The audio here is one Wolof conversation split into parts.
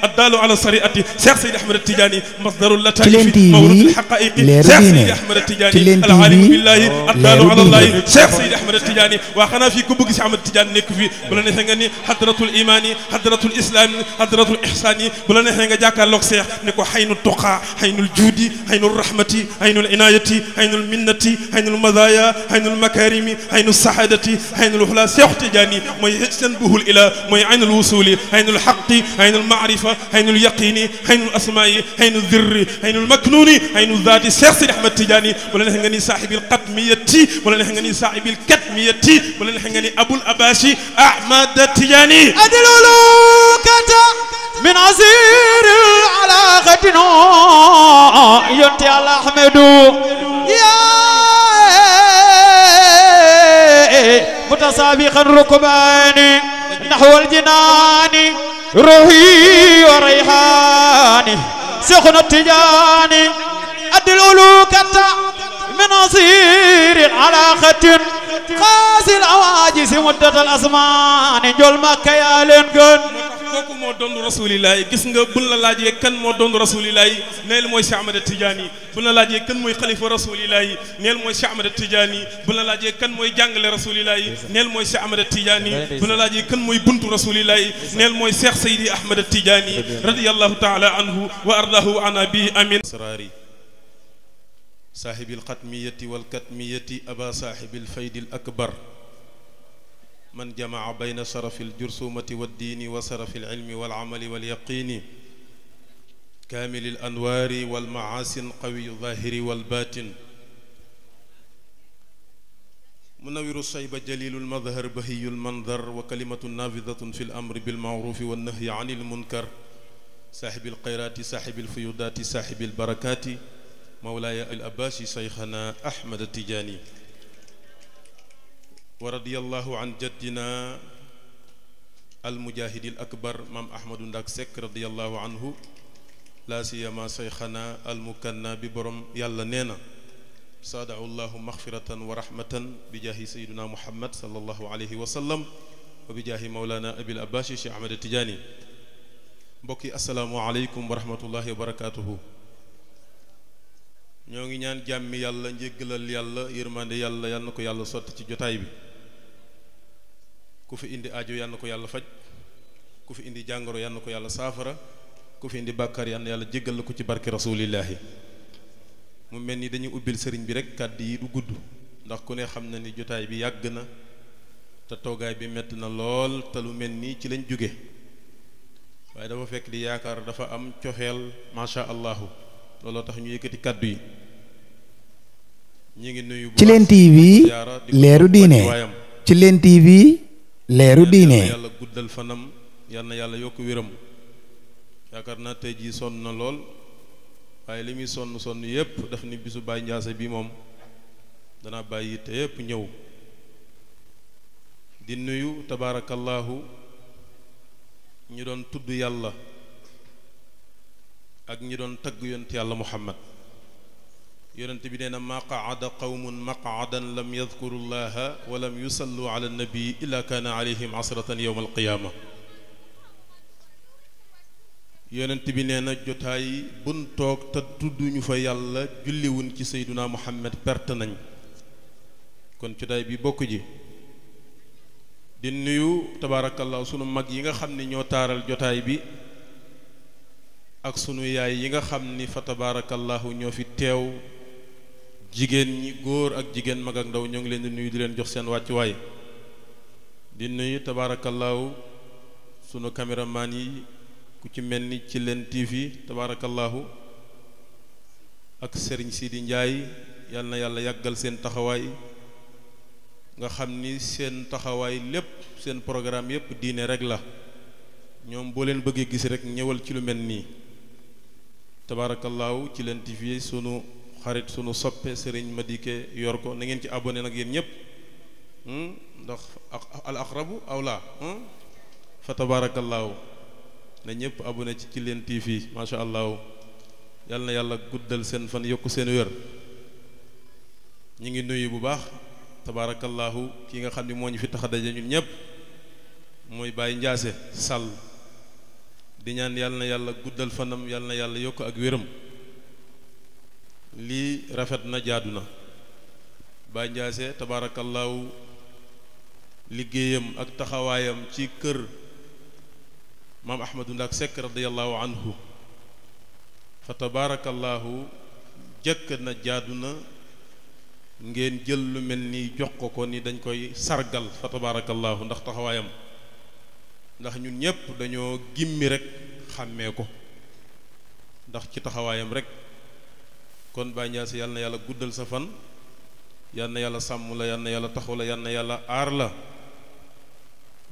at قالوا على سريعتي شيخ سيد احمد التجاني مصدر اللطائف مورد الحقائق شيخ سيد احمد التجاني العالم بالله قالوا على الله شيخ سيد احمد التجاني واخنا في كوبك سي احمد التجاني نيك في بلا نيه nga ni hadratul imani hadratul islami hadratul ihsani بلا نيه nga jakarlok cheikh ni ko haynul tuqa haynul judi haynul rahmati haynul inayati haynul minnati haynul madaya haynul makarimi haynul sahadati haynul ikhlas cheikh tijani moy ihsan buhul ila moy ainul wusuli ainul haqqi ainul ma'rifa عين اليقين عين الأسماء عين الذر عين المكنون عين الذات شيخ سيد أحمد تجاني ولا نحن صاحب القتمية ولا نحن صاحب الكتمية ولا نحن أبو الأباشي أحمد تجاني أدلولو كتا من عزير على غدنا ينتي على أحمد يا متسابقا ركباني نحو الجنان روحي وريحاني شيخنا التجاني أدي الألوكة من أصير على ختن قاسي العواجس مدة الأزمان جل مكة لنقن kooku mo doon rasulillah gis nga buñ la laajee kan mo doon rasulillah neel moy Cheikh Ahmada Tidiane buñ la laajee kan moy khalifa rasulillah neel moy Cheikh Ahmada Tidiane buñ la laajee kan moy jàngale rasulillah neel moy Cheikh Ahmada Tidiane buñ la laajee kan moy buntu rasulillah neel moy Cheikh sayyidi Ahmada Tidiane radiyallahu taala anhu wa ardahu ana bi amin asrari qatmiyati wal katmiyati aba saahibi alfaydi al akbar من جمع بين شرف الجرثومة والدين وشرف العلم والعمل واليقين كامل الأنوار والمعاسن قوي الظاهر والباطن منور الصيب جليل المظهر بهي المنظر وكلمة نافذة في الأمر بالمعروف والنهي عن المنكر صاحب القيرات صاحب الفيوضات صاحب البركات مولاي الأباسي شيخنا أحمد التجاني ورضي الله عن جدنا المجاهد الأكبر مام أحمد داكسك رضي الله عنه لا سيما شيخنا المكنى ببرم يلا نينا سادع الله مغفرة ورحمة بجاه سيدنا محمد صلى الله عليه وسلم وبجاه مولانا أبي الأباش شيخ أحمد التجاني بكي السلام عليكم ورحمة الله وبركاته ñoo ngi ñaan jammi yalla njeggal yalla yermande yalla yalla ko yalla sotti ci jotay bi ku fi indi aajo yal na ko yàlla faj ku fi indi jàngoro yal ko yàlla saafara ku fi indi bàkkaar yal na yàlla jéggal la ko ci barke rasulillahi mu mel ni dañuy ubbil sëriñ bi rek kàddu yi du gudd ndax ku ne xam na ni jotaay bi yàgg na te toogaay bi metti na lool te lu mel nii ci lañ jóge waaye dafa fekk di yaakaar dafa am coxeel macha allahu looloo tax ñu yëkkati kàddu yi ñu ngi nuyu. ci leen TV leeru diine ci leen TV leeru diine yàlla guddal fanam yal yàlla yokk wéram yaakaar na tey jii sonn na lool waaye li muy sonn sonn yépp daf ni bisu Baye Ndiassé bi moom dana bàyyi te yépp ñëw di nuyu tabaarakallaahu ñu doon tudd yàlla ak ñi doon tagg yoon yonent yàlla Muhammad يرنت بيننا ما قعد قوم مقعدا لم يذكروا الله ولم يصلوا على النبي الا كان عليهم عصره يوم القيامه يرنت بيننا جوتاي بون توك تا تودو نيو فا يالا جولي وون كي سيدنا محمد برت نان كون جوتاي بي بوكو جي دي نيو تبارك الله سونو ماك ييغا خامني ньо تارال جوتاي بي ak sunu yaay yi nga xam ni fa tabaraka allah ñoo fi teew jigéen ñi góor ak jigéen mag ak ndaw ñoo ngi leen di nuy di leen jox seen wàccuwaay di nuyu tabaarakallaahu sunu caméraman yi ku ci mel ni ci leen TV tabaarakallaahu ak Serigne Sidi Ndiaye yal na yàlla yàggal seen taxawaay nga xam ni seen taxawaay lépp seen programme yépp diine rek la ñoom boo leen bëggee gis rek ñëwal ci lu mel nii tabaarakallaahu ci leen TV sunu. xarit sunu soppé serigne Madike yor ko na ngeen ci abonné yeen ñep hmm ndax al aqrabu awla hmm? fa tabarakallah na ñep abonné ci kilen tv TV sha allah yalla na guddal sen fan yok sen wër ñi ngi nuyu bu baax tabarakallah ki nga xamni moñu fi taxada a daje ñun Baye Ndiasse sal di ñaan yal yalla guddal fanam yal yalla yok ak wërëm lii rafet na jaadu na Baye Ndiassé tabaarakallaahu liggéeyam ak taxawaayam ci kër maam Ahmadou Ndack Seck radiyallahu anhu fa tabaarakallaahu jëkk na jaadu na ngeen jël lu mel ni jox ko ko ni dañ koy sargal fa tabaarakallaahu ndax taxawaayam ndax ñun ñépp dañoo gimmi rekk xàmmee ko ndax ci taxawaayam rekk kon Baye Niass yàlla na yàlla guddal sa fan yàlla na yàlla sàmm la yàlla na yàlla taxaw la yàlla na yàlla aar la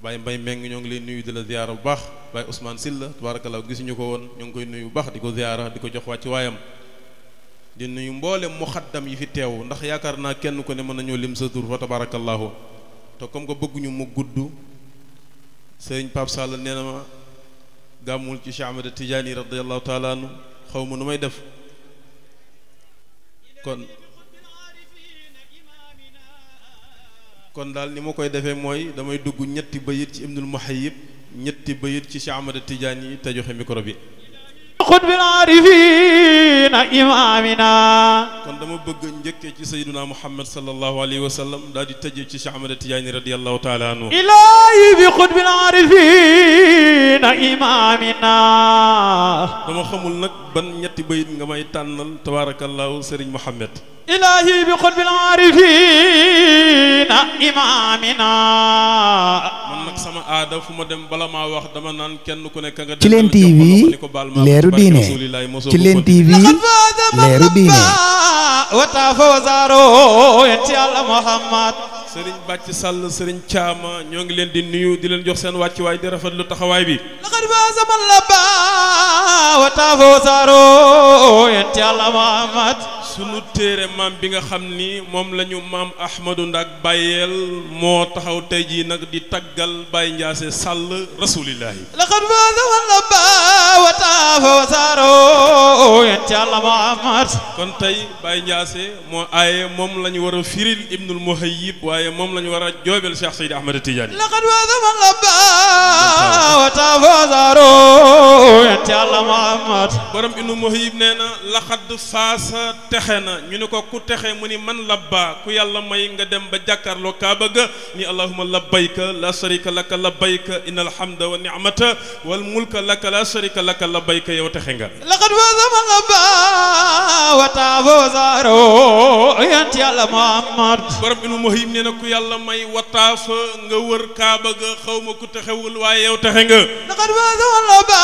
Baye Mbaye Meng ñoo ngi lay nuyu di la ziyaara bu baax Baye Ousmane la tabaarakallaa gisuñu ko woon ñoo ngi koy nuyu bu baax di ko ziyaara di ko jox wàcc waayam di nuyu mboolem muxaddam yi fi teew ndax yaakaar naa kenn ku ne mën nañoo lim sa tur fa tabaarakallaahu te comme que bëgguñu mu gudd sëriñ Pape Sall nee na ma gàmmul ci Cheikh Ahmed Tidiane radiyallahu taala xaw ma nu may def kon kon daal ni ma koy defee mooy damay dugg ñetti bayit ci ibnul muhayyib ñetti bayit ci Cheikh Ahmad Tidiane yi te joxe micro bi xutbil aarifiina imaamina kon dama bëgg njëkkee ci sayyiduna muhammad sallallahu alayhi wa sallam daal di tëjee ci Cheikh Ahmad Tijaani radiyallahu taala anhu ilaahi bi xutbil aarifiina imaamina dama xamul nag ban ñetti bayit nga may tànnal tabaarakallahu sëriñ muhammad ilaahi bi xutbil aarifiina imaamina sama aada fu ma dem bala maa wax dama naan kenn ku nekk nga. ci leen TV leeru diine ci leen TV leeru diine. sëriñ Bàcc Sall sëriñ Caama ñoo ngi leen di nuyu di leen jox seen wàccuwaay di rafet lu taxawaay bi. sunu téere maam bi nga xam ni moom la ñu maam Ahmadou Ndak bàyyeel moo taxaw tey jii nag di taggal Baye Ndiassé Sall rasulillahi laqad faza wa laba wa taafa wa saaro yenti Yàlla kon tey Baye Ndiassé moo aaye moom la ñu war a firil Ibnul Muhayyib waaye moom la ñu war a joobel Cheikh Seydi Ahmad Tidiane texe na ñu ni ko ku texe mu ni man labba ku yàlla may nga dem ba jàkkaarloo ka ga ni allahumma labbayka la sharika lak labbayka inna hamda wan ni'mata wal mulka lak la sharika lak labbayka yow texe nga laqad faza man labba wa taafosaaro yant yàlla muhammad borom inu muhim ne ku yàlla may wataafa nga wër ka ga xawma ku texewul way yow texe nga laqad faza man labba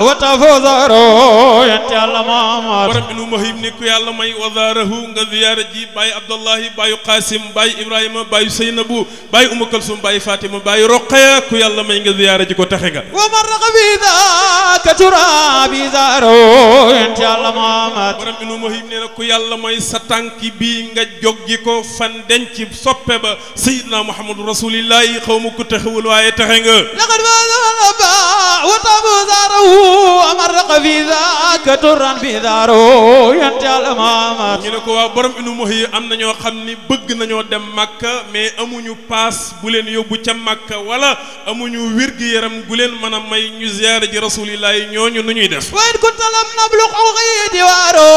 watafawzaro yent yàlla maamaat borom inu mahim ni ku yàlla may wazaarahu nga ziyaara ji bàyyi abdullahi bàyyi qasim bàyyi ibrahima bàyyi saynabu bàyyi umu kalsum bàyyi fatima bàyyi roqaya ku yàlla may nga ziyaara ji ko taxe nga wa marraqa bi daaka turabi zaro yent yàlla maamaat borom inu mahim ne na ku yàlla may sa tànki bi nga joggi ko fan denc soppe ba sayidna muhammadu rasulillahi xaw ma ku taxewul waaye taxe nga laqad ba wa tabu zaro amarraqa fi daaka turan bi daaro yant yàlla maamat ñu ne ko waaw borom inu mox yi am na ñoo xam ni bëgg nañoo dem màkka mais amuñu paas bu leen yóbbu ca màkka wala amuñu wér-gi-yaram gu leen mën a may ñu ziyaare ji rasulillahi ñooñu nu ñuy def wayn kuntalam nabluq aw xëyi diwaaro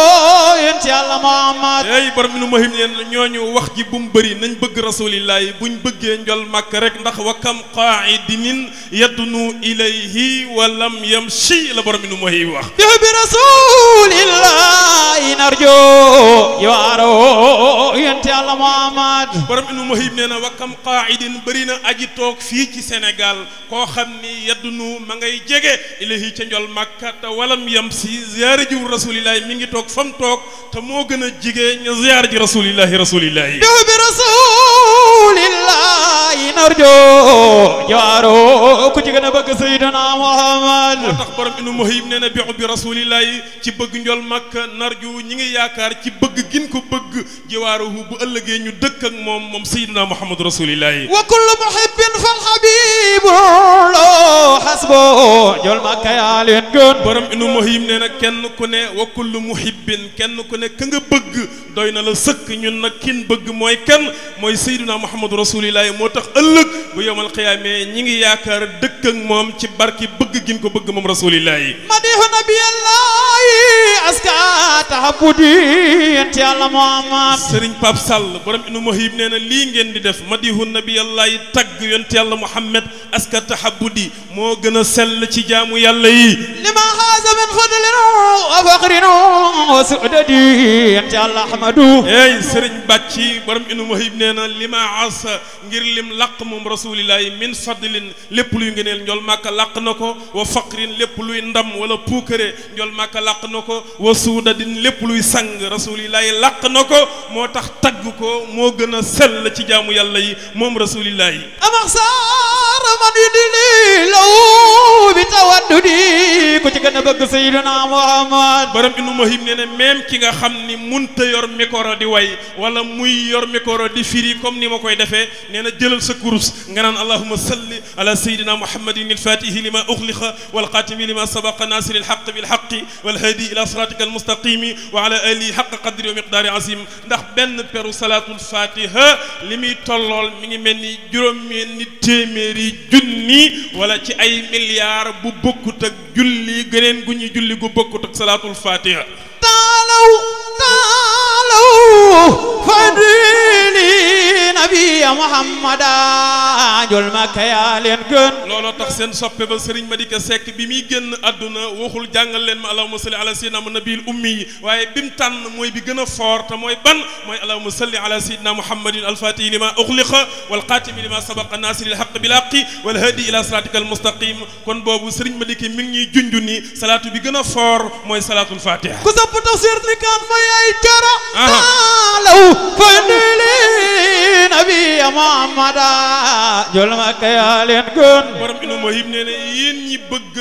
yant yàlla maamat ay borom mi nu mahim ne wax ji bu mu bëri nañ bëgg rasulillahi buñ bëggee njol màkk rek ndax wa kam qaa'idin yadnu ilayhi wa lam yamshi la borom mi wax yow bi rasulillahi narjo yaaro yonte yàlla muhammad borom mi nu mahim nee na wa kam qaa'idin bëri na aji toog fii ci senegal koo xam ni yadnu ma ngay jege ilayhi ca njol màkk te walam yamshi ziyaare jiw rasulillahi mi ngi toog fa mu toog te moo gën a jigee nañ ziyaara ji rasulillahi rasulillahi dox bi rasulillahi narjo jaaro ku ci gën a bëgg sayyidina muhammad moo tax borom inu muhib nee na bi rasulillahi ci bëgg njol makka narju ñi ngi yaakaar ci bëgg gin ko bëgg جواره بألقى ندك مم مم سيدنا محمد رسول الله وكل محب فالحبيب له حسبه جل ما كيال ينقل برم إنه مهم لنا كن نكون وكل محب كن نكون كن بق دعينا لسك ينن كن بق ماي كن ماي سيدنا محمد رسول الله موتق ألق ويوم القيامة نيجي ياكر دك مم تبارك بق جن كو بق مم رسول الله مديه نبي الله أسكات حبودي أنت يا الله محمد sëriñ Pape Sall borom inu mohib nee na lii ngeen di def madihu nabiyallahi tagg yonte yàlla Muhammad aska tahabudi moo gën a sell ci jaamu yàlla yi lima xaasa min fadlinu wa faqrinu wa sudadi yonte yàlla ahmadu ey sëriñ bàcci borom inu mohib nee na lima aasa ngir lim làq moom rasulillahi min fadlin lépp luy ngëneel njol màkk làq na ko wa faqrin lépp luy ndam wala puukare njol màkka làq na ko wa suudadin lépp luy sang rasulillahi làq na ko moo tax tagg ko moo gën a sell ci jaamu yàlla yi moom rasulillah yi. من يدلله بتوددي ku ci gën a bëgg Seydina Muhammad borom Ibnu Muhim nee na même ki nga xam ni munta yor micro di way wala muy yor micro di firi comme ni ma koy defee nee na jëlal sa kurus nga naan allahuma salli ala sayidina muhammadin alfatihi lima uxliqa walxatimi lima sabaqa nasiri alxaq bilxaqi walhadi ila siratika almustaqimi wa ala alihi xaqa qadri wa miqdaari azim ndax benn peru salaatul fatiha li muy tollool mi ngi mel ni juróom-ñeenti téeméeri junni wala ci ay milliards bu bokkut ak julli gëneen gu ñuy julli gu bokkut ak salaatul fatiha taalaw taalaw fadili نبي محمد جل ما كيالين جن لولا تحسن شاب بسرين مديك سك بيميجن أدنى وخل جنجل لين ما الله مسلي على سيدنا النبي الأمي وهاي بيمتن موي بيجن فارت موي بن ما الله مسلي على سيدنا محمد الفاتي لما أغلق والقاتم لما سبق الناس للحق بلاقي والهدي إلى صلاتك المستقيم كن بابو سرين مديك مني جنجني صلاة بيجن فار موي صلاة الفاتح كذا بتوصير لك أن ما يجرى لو فنلي nabi muhammada ah, jol makka yaa leen gën borom ilmu mahib nee na yéen ñi bëgg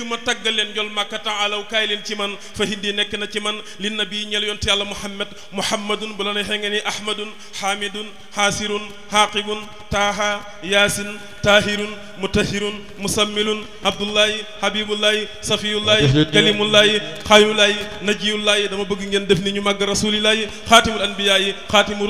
a ma taggal leen jol makka taalaw kaay leen ci man fa hindi nekk na ci man li nabi ñel yonte yàlla muhammad muhammadun bu la neexee nga ni ahmadun hamidun hasirun haqibun taaha yaasin tahirun mutahirun musammilun abdullahi habibullahi safiyullahi kalimullahi xayullahi najiyullahi dama bëgg ngeen def ni ñu màgg rasulillahi xaatimul anbiyayi xaatimu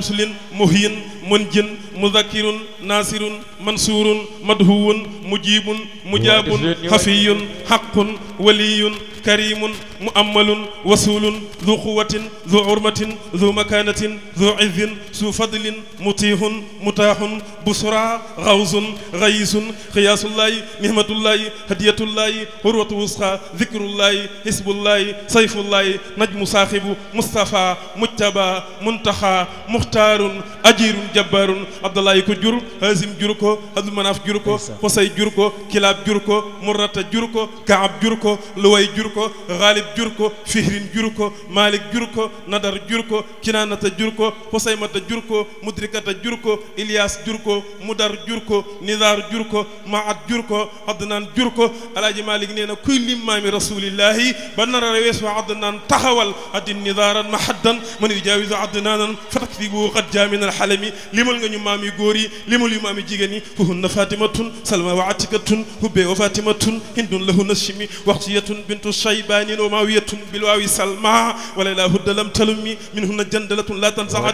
muhyin منجن مذكر ناصر منصور مدهو مجيب مجاب خفي حق ولي كريم مؤمل وصول ذو قوة ذو عرمة ذو مكانة ذو عذ ذو فضل مطيع متاح بسرى غوز غيس خياس الله نهمة الله هدية الله هروة وسخى ذكر الله حسب الله سيف الله نجم صاحب مصطفى مجتبى منتخى مختار أجير جبار عبد الله كجر هازم جركو هذو مناف جركو حسي جركو كلاب جركو مرة جركو كعب جركو لوي جركو غالب Malik jur ko Fihrin jur Malik Jurko, Nadar Jurko, ko Kinaanata jur ko Husaymata Jurko, ko Mudrikata jur Ilyas jur Mudar Jurko, Nidar Jurko, Maad Jurko, jur Jurko, Adnaan jur ko Alaaji Malik nee na kuy lim rasulillahi ba nar a wees wa Nidaran mahaddan man yujaawizu Adnaanan fatakdibu qad jaamin alxalami limal nga ñu maami góor yi yu maami jigéen yi fuhunna fatimatun salma wa atikatun hubbe wa fatimatun hindun lahunna shimi waxtiyatun bintu shaybaanin سماوية بلواوي سلمى ولا لا هد لم تلمي هنا جندلة لا تنزع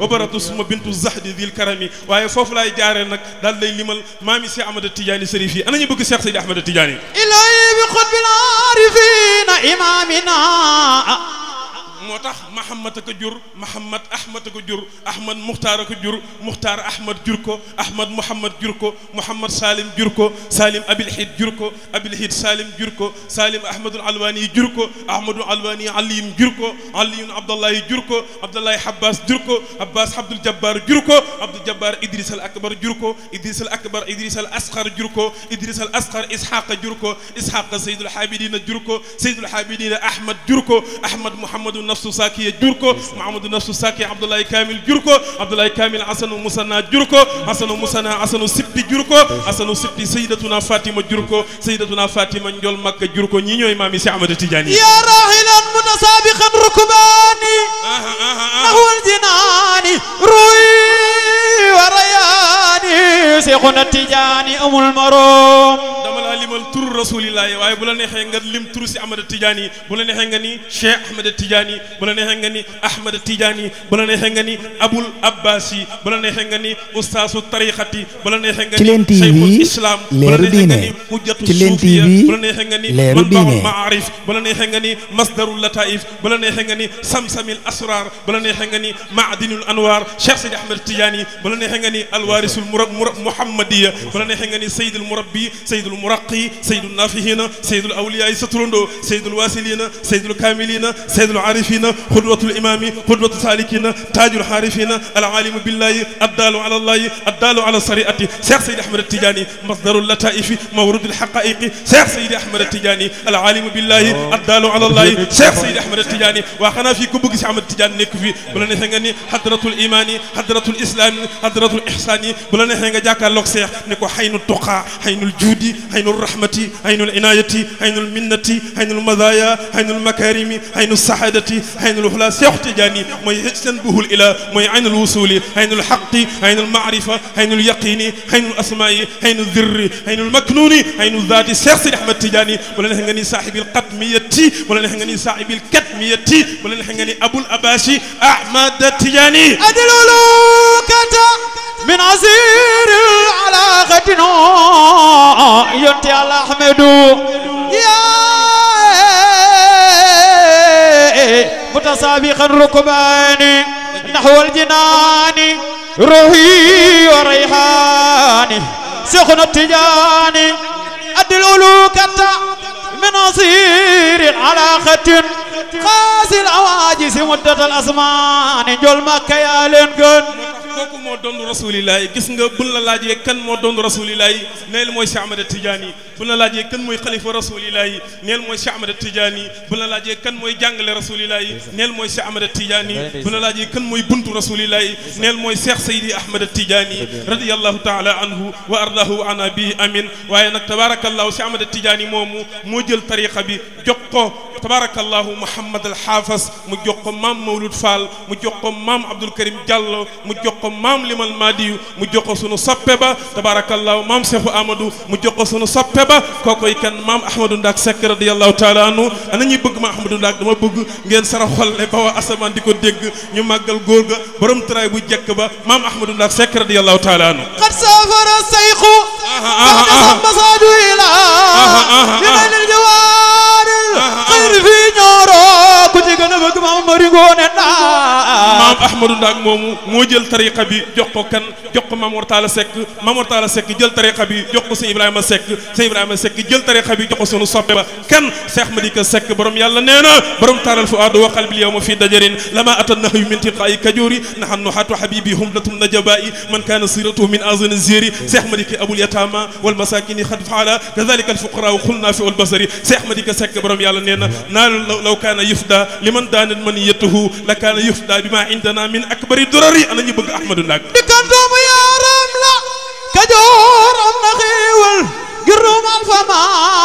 وبرت سما بنت الزهد ذي الكرم واي فوف لاي جاري نك دال لي ليمال مامي سي احمد التجاني سريفي انا ني بك شيخ سيدي احمد التجاني الهي بقلب بالعارفين امامنا motax tax ko jur Mahamad Ahmad ko jur Ahmad muhtar ko jur muhtar Ahmad jur ko Ahmad muhammad jur ko muhammad Salim jur ko Salim hid jur ko hid Salim jur ko Salim al Alwani jur ko al Alwani alim jur ko alim abdullah jur ko abdullah Abbas jur ko Abbas Abdul Jabbar jur ko Abdul Jabbar Idris al Akbar jur ko Idris al Akbar Idris al asghar jur ko Idris al asghar ishaq jur ko sayyid al habidin jur ko al habidin Ahmad jur ko Ahmad muhammad Nafsu Sakki ya jur ko Mahamadou Nafsu Sakki Abdoulaye Kamil jur ko Abdoulaye Kamil Asanu Musana jur ko Asanu Musana Asanu Sibti jur ko Asanu Sibti Sayyidatuna Fatima jur ko Sayyidatuna Fatima Njol Makka jur ko ñi ñooy maam yi si Ahmada Tidiane ya rahilan mutasabiqan rukbani nahwal jinani ruy سيكون تجاني أم المروم دملا لمل تر رسول الله واي بلني هنغر لم تر سي أحمد تجاني بلني هنغني شيخ أحمد تجاني بلني هنغني أحمد تجاني بلني هنغني أبو الأباسي بلني هنغني أستاذ الطريقة بلني هنغني شيخ الإسلام بلني هنغني حجة الصوفية بلني هنغني منبع المعارف بلني هنغني مصدر اللطائف بلني هنغني سمسم الأسرار بلني هنغني معدن الأنوار شيخ سيد أحمد تجاني بلني هنغني الوارث المرب muhammadiya bu la neexee nga ni saydul murabbi saydul muraqi saydul nafihina saydul awliya yi sa turandoo saydul wasilina saydul kamilina saydul arifina xudwatul imami xudwatu salikina taajul xaarifina alalimu billahi addaalu ala allahi addaalu ala sariati cheikh saydi ahmad tidiani masdaru lataifi mawrudul xaqaiqi cheikh saydi ahmad tidiani alalimu billahi addaalu ala allahi cheikh saydi ahmad tidiani waa xanaa fii ku bëgg si ahmad tidiane nekk fii bu la neexee nga ni hadratul imani hadratul islami hadratul ihsani bu la neexee nga jàkk ياك لوكسير نكو حين التقى حين الجودي حين الرحمة حين العناية حين المنة حين المزايا حين المكارم حين السعادة حين الإخلاص يحتجاني ما يحسن به الإله ما يعين الوصول حين الحق حين المعرفة حين اليقين حين الأسماء حين الذر حين المكنون حين الذات سيخ سيد أحمد تجاني ولا نحن صاحب القتمية ولا نحن صاحب الكتمية ولا نحن أبو الأباشي أحمد تجاني أدلولو كتا بنصير على غدنا ينتي على أحمد يا متسابقا ركبان نحو الجنان روحي وريحاني سخن التجاني أدي الألوكة من أصير على ختن قاسي العواجس مدة الأزمان جل مكة يا لنقن kooku moo doon rasulillahi gis nga buñ la laajee kan moo doon rasulillahi neel mooy Cheikh Ahmada Tidiane buñ la laajee kan mooy xalifa rasulillahi neel mooy Cheikh Ahmada Tidiane buñ la laajee kan mooy jàngale rasulillahi neel mooy Cheikh Ahmada Tidiane buñ la laajee kan mooy buntu rasulillahi neel mooy Cheikh Seydi Ahmada Tidiane radiyallahu taala anhu wa ardahu ana bi amin waaye nag tabarakallahu Cheikh Ahmada Tidiane moomu moo jël tariqa bi jox ko tabarakallahu Mouhamad al Haafas mu jox ko maam Mawlud Fall mu jox ko maam Abdoul Karim Diallo mu jox ko maam Limal Madiyu mu jox ko sunu soppe ba tabarakallahu maam Cheikhou Amadou mu jox ko sunu soppe ba kookoy kan maam Ahmadou Ndak Seck radiyallahu taala anhu ana ñuy bëgg maam Ahmadou Ndak dama bëgg ngeen sara xolle ba waa asamaan di ko dégg ñu màggal góor ga borom taraay bu jekk ba maam Ahmadou Ndak Seck radiyallahu taala anhu qad safara sayxu ah ah ah ah ah ah ah ah ah ah ah ah ah divino. ak maam Mari Ngoone Ndaa maam Ahmadou Ndaak moomu moo jël tariqa bi jox ko kan jox ko Mamour Talla Seck Mamour Talla Seck jël tariqa bi jox ko sëñ Ibrahima Seck sëñ Ibrahima Seck jël tariqa bi jox ko sunu soppe ba kan Cheikh Madika Seck borom yàlla nee na borom taaral fuaad wa qalbil yawma fi dajarin lama ata nahyu min tiqaayi kajoori nahan nuhatu habibi humlatum najabaa'i man kaana siratuhu min azan ziri Cheikh Madika abul yatama wal masakini xad faala kadhalika al fuqara qulna fi al basari Cheikh Madika Seck borom yàlla nee na naa law kaana yufda liman sultan menyetuhu man yatuhu lakana yufda bima indana min akbari durari ana ñu bëgg ahmadu ndak ya ram la juróom am fa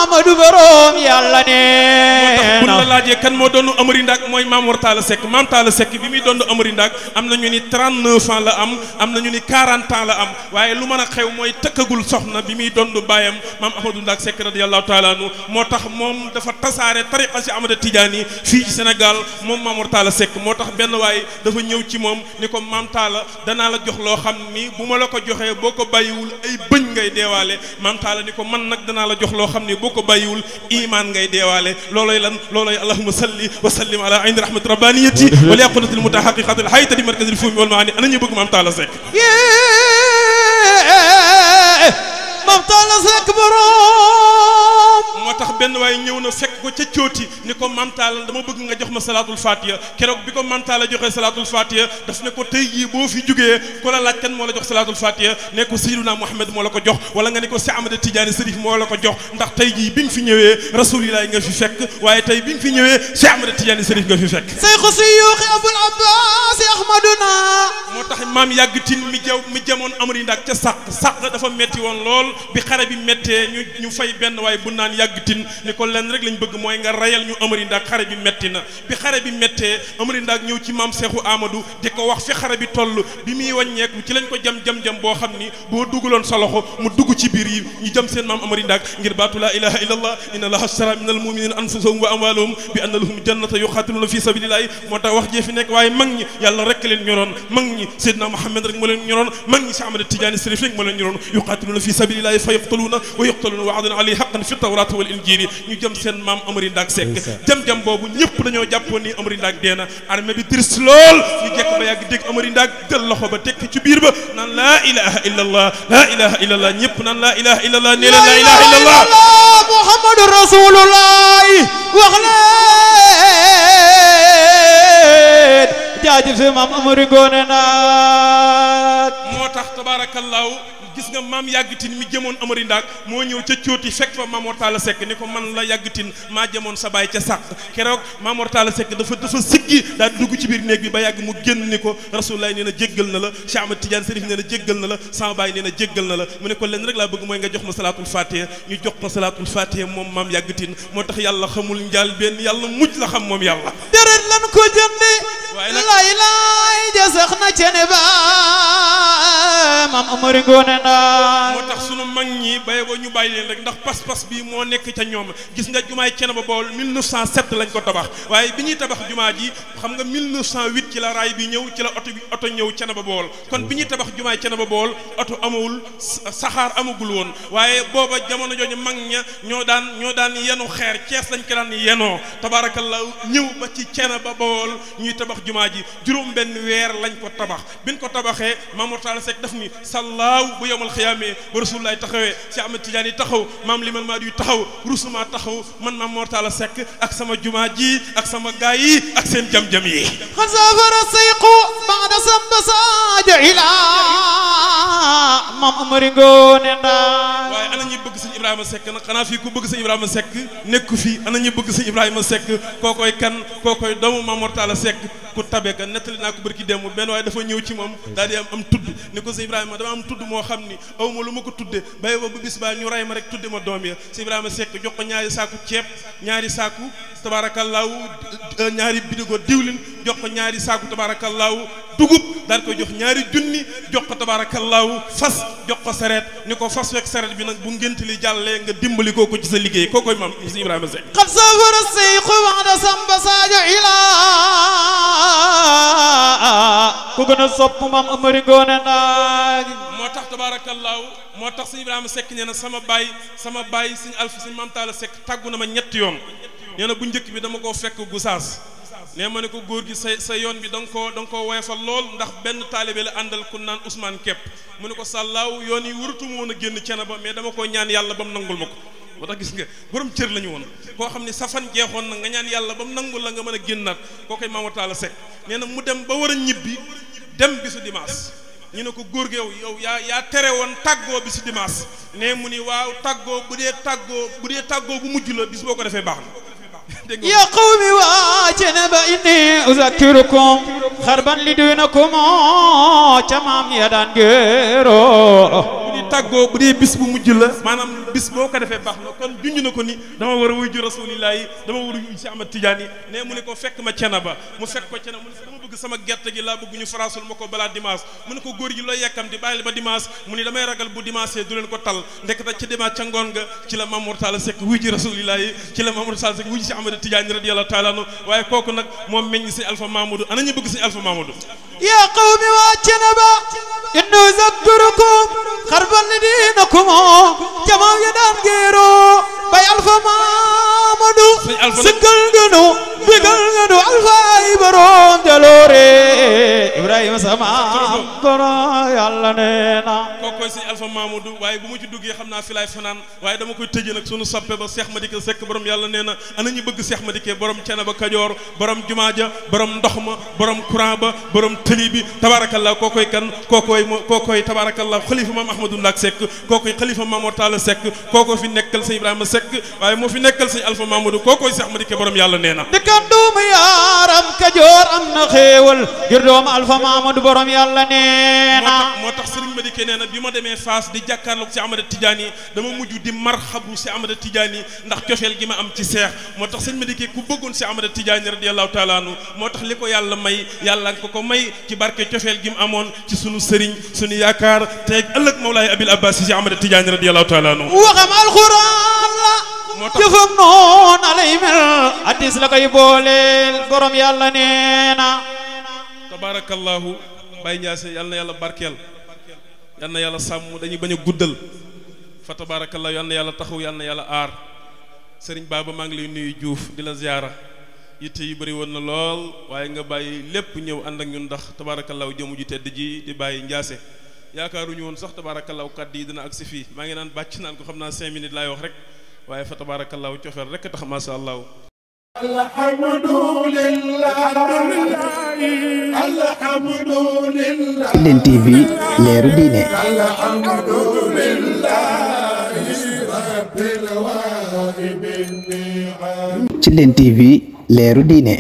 Mamadou borom yàlla nee na. moo tax moo doon Amary Ndack mooy maam Mor Talla Seck maam bi muy doon Amary Ndack am na ni 39 ans la am am na ni 40 ans la am waaye lu mën a xew mooy tëkkagul soxna bi muy doon baayam maam Ahmadou Ndack Seck radiyallahu taala anhu moo tax moom dafa tasaare tariqa si Amada Tidiane fii ci Sénégal moom maam Mor Talla moo tax benn waaye dafa ñëw ci moom ni ko maam Talla danaa la jox loo xam ni bu ma la ko joxee boo ko bàyyiwul ay bëñ ngay deewaale maam Talla ni ko. man nak dana la jox lo xamni boko bayiwul iman ngay dewalé looloy lan looloy allahumma salli wa sallim ala ayn rahmat rabbaniyati wa liqulatil mutahaqiqati al hayati li markazil fumi wal maani ana ñu bëgg mam taala sek mam taala sek borom moo tax benn waaye ñëw na fekk ko ca cóoti ni ko mamtaala dama bëgg nga jox ma salaatul fatiha keroog bi ko mamtaala joxee salaatul fatiha daf ne ko tey jii boo fi jugee ku la laaj kan moo la jox salaatul fatiha ne ko Seydina Muhammad moo la ko jox wala nga ne ko si Amada Tidiane Serif moo la ko jox ndax tey jii bi nga fi ñëwee rasulilaay nga fi fekk waaye tey bi nga fi ñëwee si Amada Tidiane Serif nga fi fekk sayxu siyuuxi abul abbas ahmaduna moo tax maam yàgg tin mi jaw mi jamoon amri ndaak ca sàq sàq dafa metti woon lool bi xare bi méttee ñu ñu fay benn waaye bu naan naan yàggatin ni ko lenn rek lañ bëgg mooy nga rayal ñu amari ndaak xare bi metti na bi xare bi méttee amari ndaak ñëw ci maam Seexu Amadou di ko wax fi xare bi toll bi muy wàññeeku ci lañ ko jam-jam-jam boo xam ni boo dugaloon sa loxo mu dugg ci biir yi ñu jam seen maam amari ndaak ngir baatu laa ilaha illa allah inna allaha ashtara min al muminina anfusahum wa amwalahum bi anna lahum jannata yuqatiluna fi sabilillahi moo tax wax jee fi nekk waaye mag ñi yàlla rek leen ñoroon mag ñi Seydina Muhammad rek moo leen ñoroon mag ñi si Ahmad Tijaani Sërif rek moo leen ñoroon yuqatiluna fi sabilillahi fa yaqtuluna wa yaqtuluna wa'dan alayhi haqqan fi tawraat wal ñu jëm seen maam Amari Ndak Seck jëm ñëpp dañoo jàppoon ni Amari Ndak dee na armée bi triste lool ba yàgg ci biir ba naan laa ilaha illa allah laa ñëpp naan laa ilaha illa allah nee leen laa ilaha illa allah muhammadu rasulullah wax leen jaajëf si maam Amari moo tax tabaarakallaahu nga maam yàggatin mi jëmoon amari ndaak moo ñëw ca cóoti fekk fa Mamor Talla Seck ni ko man la yàggatin maa jëmoon sa baay ca sàq keroog Mamor Talla Seck dafa dafa siggi daal dugg ci biir néeg bi ba yàgg mu génn ni ko rasulullaay nee na na la sama baay nee na na la mu ne ko lenn rek laa bëgg mooy nga jox ma salaatul fatiha moom maam yàggatin moo tax yàlla xamul njaal benn yàlla mujj la xam moom yàlla deret lan ko jëndi lay laay maam amari ngoone ndaar moo tax sunu mag ñi bay bo ñu bàyyi leen rek ndax pas-pas bi moo nekk ca ñoom gis nga jumaay Thiénaba Bawol 1907 lañ ko tabax waaye bi ñuy tabax jumaa ji xam nga 1908 ci la raay bi ñëw ci la oto bi oto ñëw Thiénaba Bawol kon bi ñuy tabax jumaay Thiénaba Bawol oto amawul saxaar amagul woon waaye booba jamono jooju mag ña ñoo daan ñoo daan yenu xeer Cees lañ ko daan yenoo tabaarakallaa ñëw ba ci ba Bawol ñuy tabax jumaa ji juróom benn weer lañ ko tabax bi biñ ko tabaxee Mamour Talla Seck daf ni sallaaw bu yowmal xiyaamee ba rasulullaay taxawee si Ahmad Tidiane yi taxaw maam limal maa yu taxaw rusuma taxaw man maam Mortala Seck ak sama juma ji ak sama gaay yi ak seen jam-jam yi xan safara sayqu bada samba sadio ila maam amari ngoone ndaa Ibrahima Seck nag xanaa fii ku bëgg sëñ Ibrahima Seck nekku fii ana ñu bëgg sëñ Ibrahima koo kookoy kan koo koy doomu Maam Mor Talla sekk ku tabe ka nettali naa ko ki dem benn waaye dafa ñëw ci moom daal di am am tudd ni ko sëñ Ibrahima dama am tudd moo xam ni awma lu ma ko tudde bay ba bu bis baa ñu ray ma rek tudde ma doom ya sëñ Ibrahima Seck jox ko ñaari saaku ceeb ñaari saaku tabaarakallaahu ñaari bidigo diwlin jox ko ñaari saaku tabaarakallaahu dugub daal koy jox ñaari junni jox ko tabaarakallaahu fas jox ko sareet ni ko fas fekk sareet bi nag bu ngént li jàllee nga dimbali koo ko ci sa liggéey kookoy maam si Ibrahima Seck xat safara seyqu waxda samba sadio ilaa ku gën a sopp maam amari ngoone ndaag moo tax tabaarakallaahu moo tax si Ibrahima Seck nee na sama baay sama baay suñu alf suñu maam taala Seck tàggu na ma ñetti yoon nee bu bi dama ko fekk gusaas nee ma ne ko goor gi sa yoon bi dang ko dang ko nga koo lool ndax benn talibé la andal ku naan Ousmane Kep mu ne ko sallaw yoon yi mo na genn ci na ba mais dama ko ñaan Yalla bam nangul mako ko gis nga borom cër lañu won ko xamni safan kia na nga ñaan Yalla bam nangul la nga mëna a génnaat koo koy mamou taala mu dem ba wara ñibbi dem bisu dimas ñu ne ko goor gi yow ya ya téré won taggo bisu dimas ne mu ni waaw taggo budé taggo budé taggo bu mujju la bis boko défé يا قوم واجنب إني أذكركم خربا لدينكم تمام يدان غيرو bu di tàggoo bu dee bis bu mujj la maanaam bis boo ko defee baax na kon junj na ko ni dama war a wuy ju rasulillahi dama war a wuy si Ahmad Tidiane ne mu ne ko fekk ma cena mu fekk ko cena sama gerte gi laa bëgg ñu faraasul ma ko balaa dimanche mu ne ko góor gi looy yàkkamti bàyyil ba dimanche mu ni damay ragal bu dimanche du leen ko tal ndekete ca dimanche ca ngoon nga ci la Mamour taala si Alpha Mamadou ana ñu bëgg si nu bégal nga nu re Ibrahima sama dona yàlla nee na kooku koy sëñ Alpha Mamadou waaye bu mu ci duggee xam naa fi laay fanaan waaye dama koy tëjee nag sunu soppe ba Cheikh Madické Seck borom yàlla nee na ana ñu bëgg Cheikh Madické borom cene ba Kajoor borom jumaa ja borom ndox ma borom courant ba borom tëli bi tabarakallah kookoy kan kookoy kookoy tabarakallah xalifa maam Ahmadou Ndaak Seck kookoy xalifa maam Talla Seck kooko fi nekkal sëñ Ibrahima Seck waaye moo fi nekkal sëñ Alpha Mamadou kookoy Cheikh Madické borom yàlla nee na dëkkandum yaaram Kajoor am na xëy xéewal ngir doomu Alfa Mamadou borom yàlla nee na ma demee Faas di jàkkaarloog si Amada Tidiane dama ma am ci seex moo tax sëriñ Madike ku bëggoon si Amada Tidiane radiyallahu waxam alxuraan la jëfam noon alay mel addis la koy booleel borom yàlla nee tabarakallah bay ñasse yalla yalla barkel yalla yalla sam dañuy bañ guddal fa tabarakallah yalla yalla taxaw yalla yalla ar serigne baba ma ngi lay nuyu juuf di ziyara yitte yu bari woon na lool nga baye lepp ñew and ak ñun ndax tabarakallah jëmu ju tedd ji di ñasse yaakaaru ñu won sax tabarakallah kàddu yi dina agsi fii ma ngi naan bacc naan ko xamna 5 minutes lay wax rek waye fa tabarakallah cofeel rek tax sha allah Tilène TV leeru diine Tilène TV leeru diine